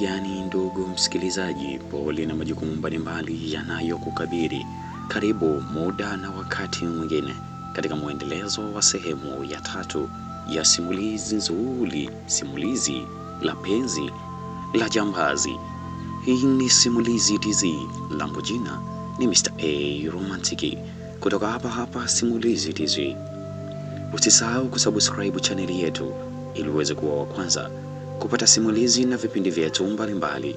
gani ndugu msikilizaji, pole na majukumu mbalimbali yanayokukabili. Karibu muda na wakati mwingine katika mwendelezo wa sehemu ya tatu ya simulizi nzuri, simulizi la penzi la jambazi. Hii ni Simulizi Tz, langu jina ni Mr. A romantic kutoka hapa hapa Simulizi Tz. Usisahau kusubscribe chaneli yetu ili uweze kuwa wa kwanza kupata simulizi na vipindi vyetu mbalimbali.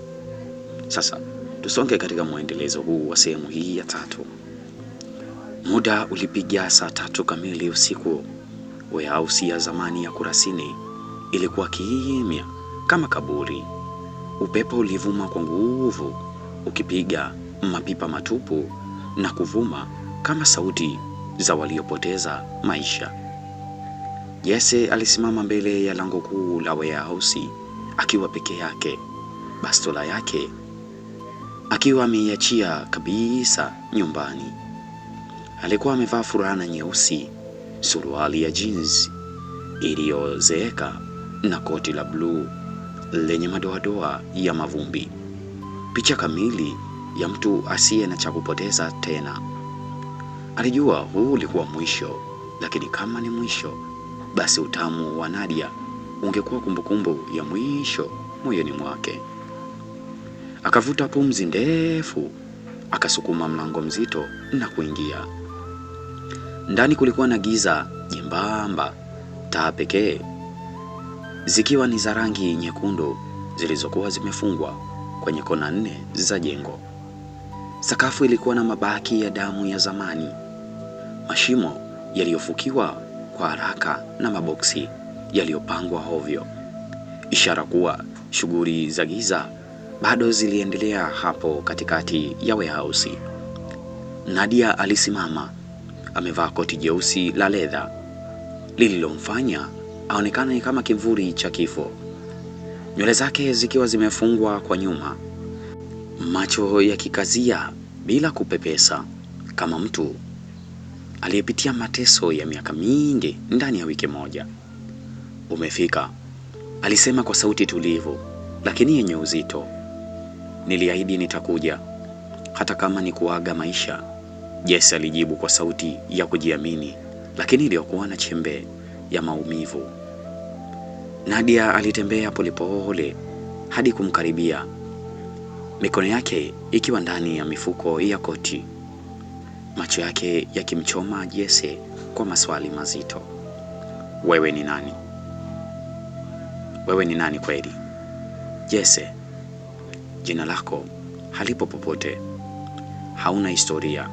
Sasa tusonge katika mwendelezo huu wa sehemu hii ya tatu. Muda ulipiga saa tatu kamili usiku. Warehouse ya zamani ya Kurasini ilikuwa kimya kama kaburi. Upepo ulivuma kwa nguvu ukipiga mapipa matupu na kuvuma kama sauti za waliopoteza maisha. Jesse alisimama mbele ya lango kuu la warehouse akiwa peke yake, bastola yake akiwa ameiachia kabisa nyumbani. Alikuwa amevaa fulana nyeusi, suruali ya jeans iliyozeeka na koti la bluu lenye madoadoa ya mavumbi, picha kamili ya mtu asiye na cha kupoteza tena. Alijua huu ulikuwa mwisho, lakini kama ni mwisho basi utamu wa Nadia ungekuwa kumbukumbu ya mwisho moyoni mwake. Akavuta pumzi ndefu, akasukuma mlango mzito na kuingia ndani. Kulikuwa na giza jembamba, taa pekee zikiwa ni za rangi nyekundu zilizokuwa zimefungwa kwenye kona nne za jengo. Sakafu ilikuwa na mabaki ya damu ya zamani, mashimo yaliyofukiwa kwa haraka na maboksi yaliyopangwa hovyo, ishara kuwa shughuli za giza bado ziliendelea hapo katikati ya warehouse. Nadia alisimama amevaa koti jeusi la ledha lililomfanya aonekane kama kivuli cha kifo, nywele zake zikiwa zimefungwa kwa nyuma, macho yakikazia bila kupepesa kama mtu aliyepitia mateso ya miaka mingi ndani ya wiki moja. Umefika, alisema kwa sauti tulivu lakini yenye uzito. Niliahidi nitakuja hata kama ni kuaga maisha, Jesse alijibu kwa sauti ya kujiamini lakini iliyokuwa na chembe ya maumivu. Nadia alitembea polepole hadi kumkaribia, mikono yake ikiwa ndani ya mifuko ya koti macho yake yakimchoma Jesse kwa maswali mazito. Wewe ni nani? Wewe ni nani kweli? Jesse, jina lako halipo popote. Hauna historia,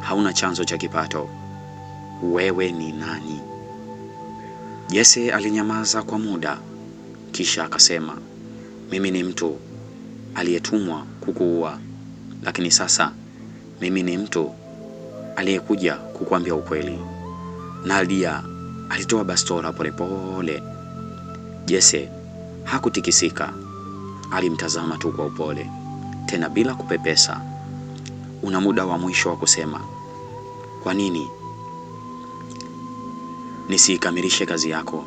hauna chanzo cha kipato. Wewe ni nani? Jesse alinyamaza kwa muda, kisha akasema, mimi ni mtu aliyetumwa kukuua, lakini sasa mimi ni mtu aliyekuja kukuambia ukweli. Nadia alitoa bastola polepole. Jesse hakutikisika, alimtazama tu kwa upole, tena bila kupepesa. Una muda wa mwisho wa kusema kwa nini nisikamilishe kazi yako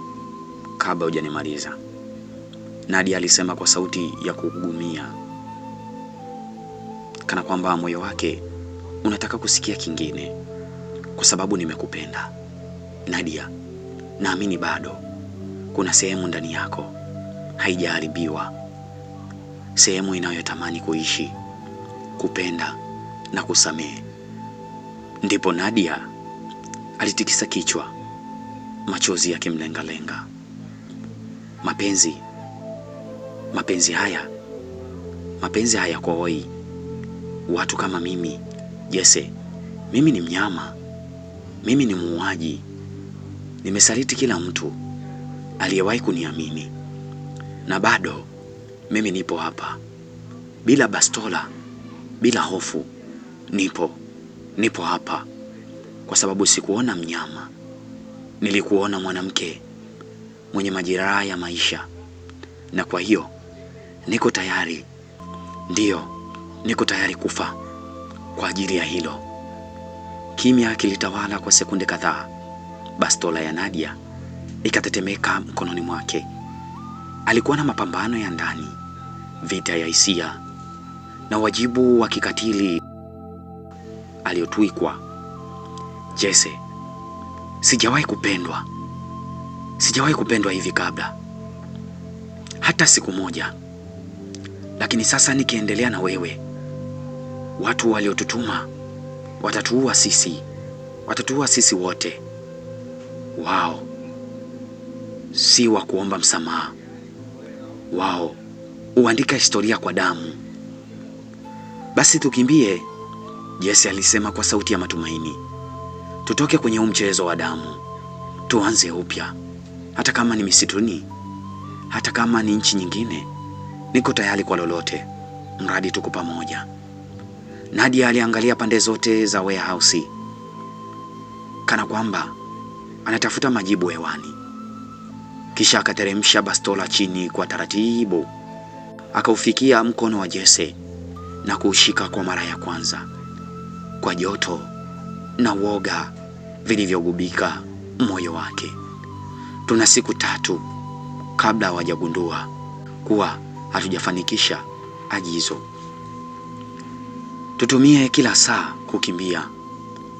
kabla hujanimaliza, Nadia alisema kwa sauti ya kugumia, kana kwamba moyo wake unataka kusikia kingine, kwa sababu nimekupenda Nadia. Naamini bado kuna sehemu ndani yako haijaharibiwa, sehemu inayotamani kuishi, kupenda na kusamehe. Ndipo Nadia alitikisa kichwa, machozi yakimlengalenga. Mapenzi, mapenzi haya, mapenzi haya kwa watu kama mimi Jesse, mimi ni mnyama, mimi ni muuaji, nimesaliti kila mtu aliyewahi kuniamini, na bado mimi nipo hapa bila bastola, bila hofu. Nipo, nipo hapa kwa sababu sikuona mnyama, nilikuona mwanamke mwenye majeraha ya maisha, na kwa hiyo niko tayari, ndiyo, niko tayari kufa kwa ajili ya hilo. Kimya kilitawala kwa sekunde kadhaa. Bastola ya Nadia ikatetemeka mkononi mwake. Alikuwa na mapambano ya ndani, vita ya hisia na wajibu wa kikatili aliyotwikwa. Jesse, sijawahi kupendwa, sijawahi kupendwa hivi kabla, hata siku moja, lakini sasa nikiendelea na wewe watu waliotutuma watatuua sisi, watatuua sisi wote. Wao si wa kuomba msamaha, wao huandika historia kwa damu. Basi tukimbie, Jesse alisema kwa sauti ya matumaini. Tutoke kwenye huu mchezo wa damu, tuanze upya. Hata kama ni misituni, hata kama ni nchi nyingine, niko tayari kwa lolote, mradi tuko pamoja. Nadia aliangalia pande zote za warehouse kana kwamba anatafuta majibu hewani, kisha akateremsha bastola chini kwa taratibu, akaufikia mkono wa Jesse na kuushika kwa mara ya kwanza kwa joto na woga vilivyogubika moyo wake. Tuna siku tatu kabla hawajagundua kuwa hatujafanikisha agizo. Tutumie kila saa kukimbia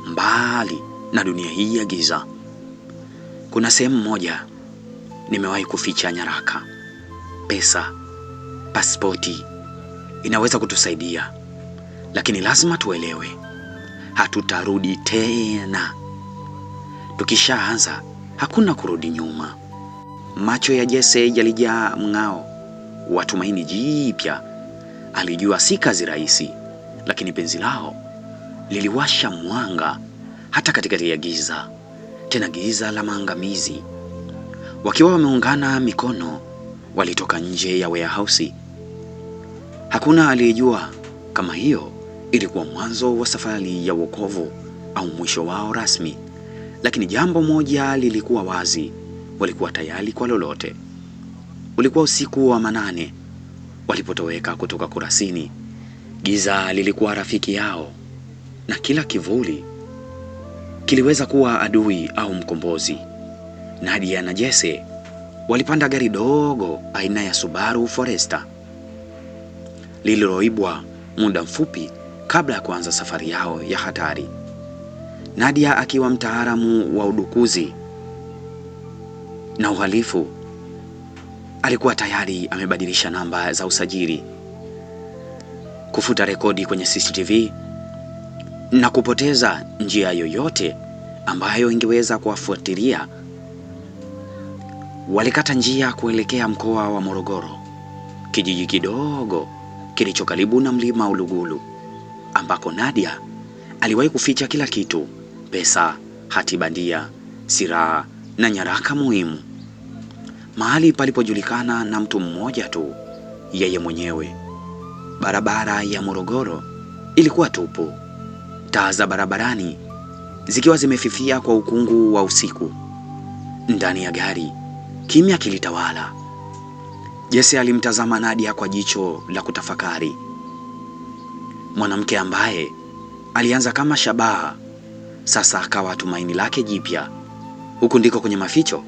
mbali na dunia hii ya giza. Kuna sehemu moja nimewahi kuficha nyaraka, pesa, pasipoti. Inaweza kutusaidia, lakini lazima tuelewe, hatutarudi tena. Tukishaanza hakuna kurudi nyuma. Macho ya Jesse yalijaa mng'ao wa tumaini jipya. Alijua si kazi rahisi, lakini penzi lao liliwasha mwanga hata katikati ya giza, tena giza la maangamizi. Wakiwa wameungana mikono, walitoka nje ya warehouse. Hakuna aliyejua kama hiyo ilikuwa mwanzo wa safari ya wokovu au mwisho wao rasmi, lakini jambo moja lilikuwa wazi: walikuwa tayari kwa lolote. Ulikuwa usiku wa manane walipotoweka kutoka Kurasini. Giza lilikuwa rafiki yao na kila kivuli kiliweza kuwa adui au mkombozi. Nadia na Jesse walipanda gari dogo aina ya Subaru Forester lililoibwa muda mfupi kabla ya kuanza safari yao ya hatari. Nadia akiwa mtaalamu wa udukuzi na uhalifu alikuwa tayari amebadilisha namba za usajili kufuta rekodi kwenye CCTV na kupoteza njia yoyote ambayo ingeweza kuwafuatilia. Walikata njia kuelekea mkoa wa Morogoro, kijiji kidogo kilicho karibu na mlima Uluguru, ambako Nadia aliwahi kuficha kila kitu: pesa, hati bandia, silaha na nyaraka muhimu, mahali palipojulikana na mtu mmoja tu, yeye mwenyewe. Barabara ya Morogoro ilikuwa tupu, taa za barabarani zikiwa zimefifia kwa ukungu wa usiku. Ndani ya gari kimya kilitawala. Jesse alimtazama Nadia kwa jicho la kutafakari, mwanamke ambaye alianza kama shabaha sasa akawa tumaini lake jipya. Huku ndiko kwenye maficho?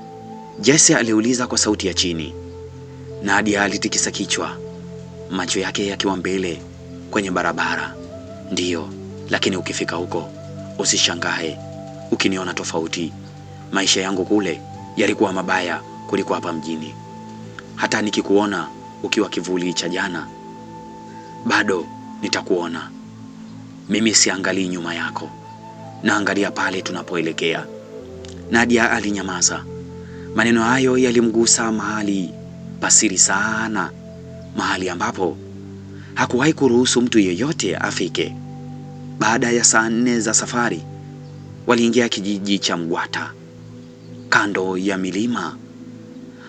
Jesse aliuliza kwa sauti ya chini. Nadia alitikisa kichwa macho yake yakiwa mbele kwenye barabara. Ndiyo, lakini ukifika huko usishangae ukiniona tofauti. Maisha yangu kule yalikuwa mabaya kuliko hapa mjini. Hata nikikuona ukiwa kivuli cha jana, bado nitakuona. Mimi siangalii nyuma yako, naangalia pale tunapoelekea. Nadia alinyamaza. Maneno hayo yalimgusa mahali pasiri sana mahali ambapo hakuwahi kuruhusu mtu yeyote afike. Baada ya saa nne za safari, waliingia kijiji cha Mgwata kando ya milima.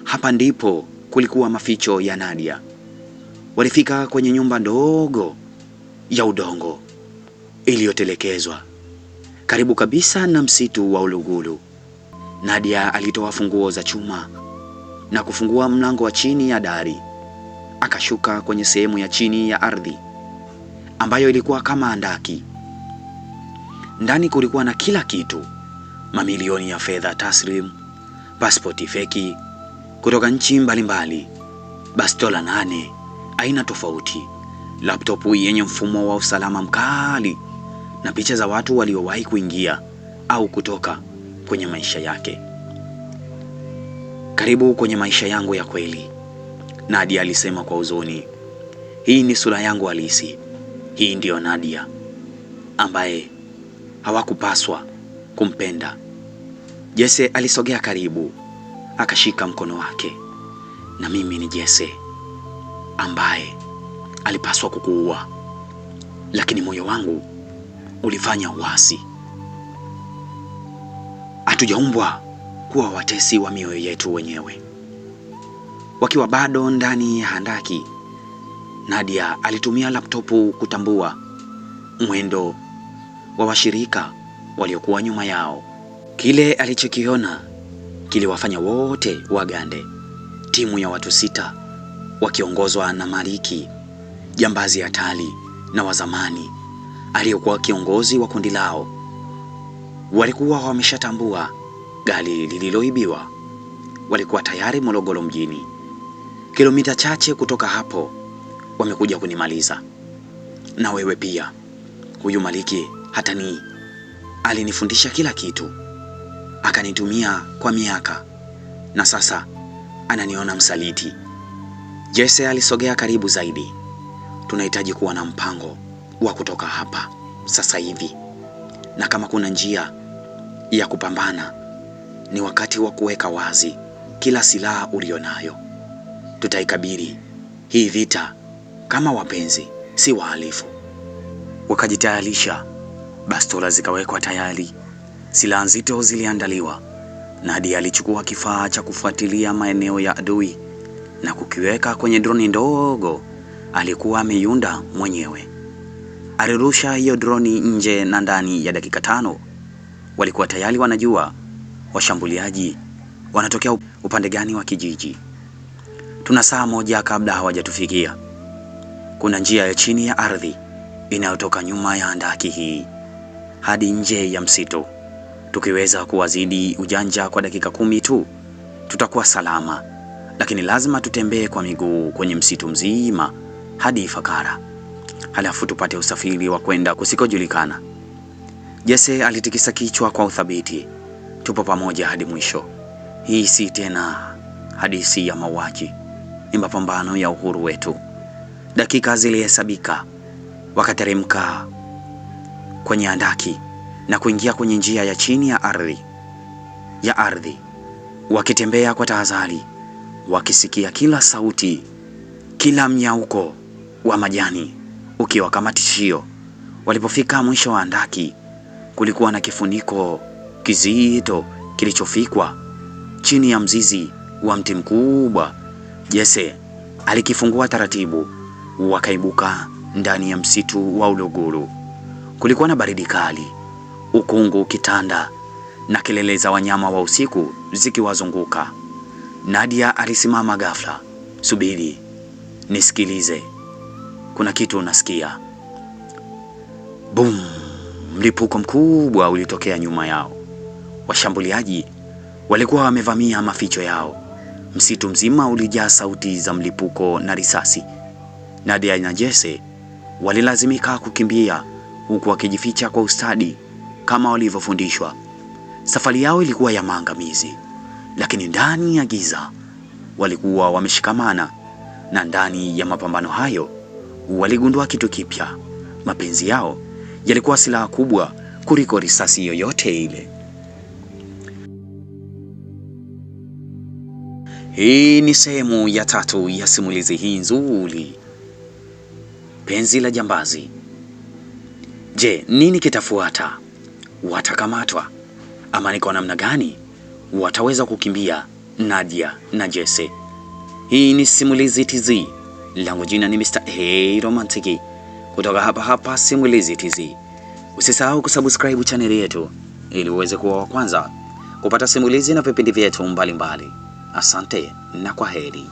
Hapa ndipo kulikuwa maficho ya Nadia. Walifika kwenye nyumba ndogo ya udongo iliyotelekezwa karibu kabisa na msitu wa ulugulu Nadia alitoa funguo za chuma na kufungua mlango wa chini ya dari akashuka kwenye sehemu ya chini ya ardhi ambayo ilikuwa kama andaki. Ndani kulikuwa na kila kitu: mamilioni ya fedha taslim, pasipoti feki kutoka nchi mbalimbali, bastola nane aina tofauti, laptopu yenye mfumo wa usalama mkali na picha za watu waliowahi kuingia au kutoka kwenye maisha yake. Karibu kwenye maisha yangu ya kweli, Nadia alisema kwa huzuni. Hii ni sura yangu halisi. Hii ndiyo Nadia ambaye hawakupaswa kumpenda. Jesse alisogea karibu, akashika mkono wake. Na mimi ni Jesse ambaye alipaswa kukuua, lakini moyo wangu ulifanya uasi. Hatujaumbwa kuwa watesi wa mioyo yetu wenyewe. Wakiwa bado ndani ya handaki, Nadia alitumia laptopu kutambua mwendo wa washirika waliokuwa nyuma yao. Kile alichokiona kiliwafanya wote wagande. Timu ya watu sita wakiongozwa na Maliki, jambazi tali na wazamani aliyekuwa kiongozi wa kundi lao, walikuwa wameshatambua gari lililoibiwa. Walikuwa tayari Morogoro mjini. Kilomita chache kutoka hapo wamekuja kunimaliza, na wewe pia. Huyu Maliki hatani alinifundisha kila kitu, akanitumia kwa miaka, na sasa ananiona msaliti. Jesse alisogea karibu zaidi. Tunahitaji kuwa na mpango wa kutoka hapa sasa hivi, na kama kuna njia ya kupambana, ni wakati wa kuweka wazi kila silaha ulionayo tutaikabili hii vita kama wapenzi, si wahalifu. Wakajitayarisha, bastola zikawekwa tayari, silaha nzito ziliandaliwa. nadi alichukua kifaa cha kufuatilia maeneo ya adui na kukiweka kwenye droni ndogo alikuwa ameiunda mwenyewe. Alirusha hiyo droni nje na ndani ya dakika tano walikuwa tayari wanajua washambuliaji wanatokea upande gani wa kijiji tuna saa moja kabla hawajatufikia. Kuna njia ya chini ya ardhi inayotoka nyuma ya handaki hii hadi nje ya msitu. Tukiweza kuwazidi ujanja kwa dakika kumi tu tutakuwa salama, lakini lazima tutembee kwa miguu kwenye msitu mzima hadi Ifakara, halafu tupate usafiri wa kwenda kusikojulikana. Jesse alitikisa kichwa kwa uthabiti. Tupo pamoja hadi mwisho. Hii si tena hadithi ya mauaji ni mapambano ya uhuru wetu. Dakika zilihesabika, wakateremka kwenye andaki na kuingia kwenye njia ya chini ya ardhi ya ardhi, wakitembea kwa tahadhari, wakisikia kila sauti, kila mnyauko wa majani ukiwa kama tishio. Walipofika mwisho wa andaki, kulikuwa na kifuniko kizito kilichofikwa chini ya mzizi wa mti mkubwa Jesse alikifungua taratibu, wakaibuka ndani ya msitu wa Uluguru. Kulikuwa na baridi kali, ukungu ukitanda na kelele za wanyama wa usiku zikiwazunguka. Nadia alisimama ghafla. Subiri nisikilize, kuna kitu unasikia? Bum! Mlipuko mkubwa ulitokea nyuma yao. Washambuliaji walikuwa wamevamia maficho yao, Msitu mzima ulijaa sauti za mlipuko na risasi. Nadia na Jesse walilazimika kukimbia huku wakijificha kwa ustadi kama walivyofundishwa. Safari yao ilikuwa ya maangamizi, lakini ndani ya giza walikuwa wameshikamana, na ndani ya mapambano hayo waligundua kitu kipya: mapenzi yao yalikuwa silaha kubwa kuliko risasi yoyote ile. Hii ni sehemu ya tatu ya simulizi hii nzuri, penzi la jambazi. Je, nini kitafuata? Watakamatwa ama ni kwa namna gani wataweza kukimbia Nadia na Jesse? Hii ni simulizi TZ, langu jina ni Mr. Hey Romantiki kutoka hapa hapa simulizi TZ. Usisahau kusubscribe chaneli yetu ili uweze kuwa wa kwanza kupata simulizi na vipindi vyetu mbalimbali. Asante na kwa heri.